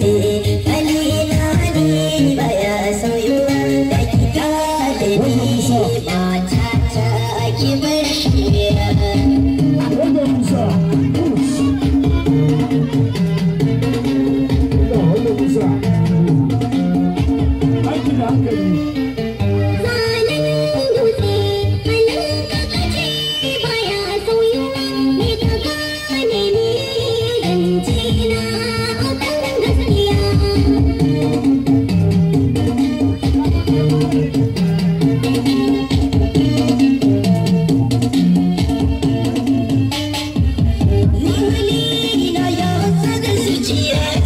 to dia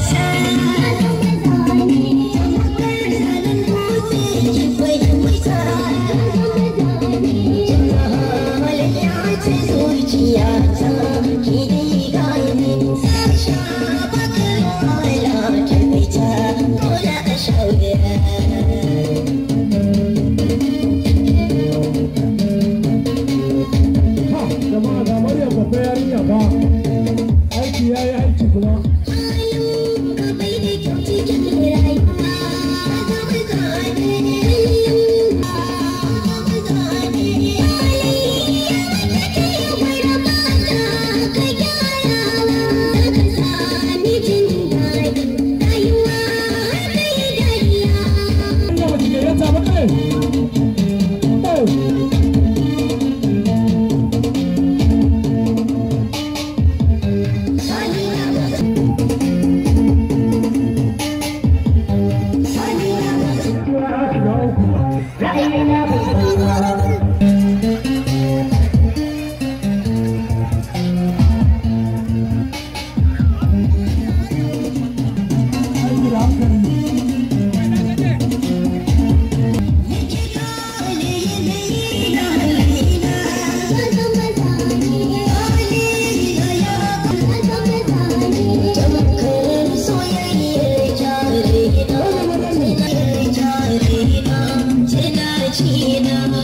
She knows.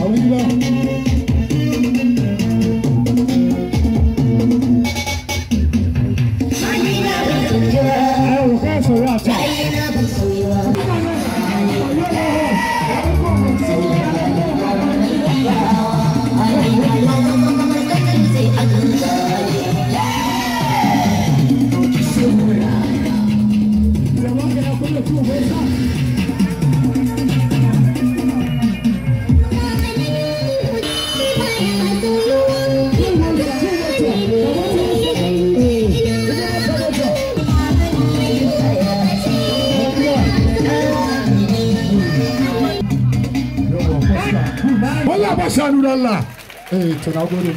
老弟啊。ashadu lillah eh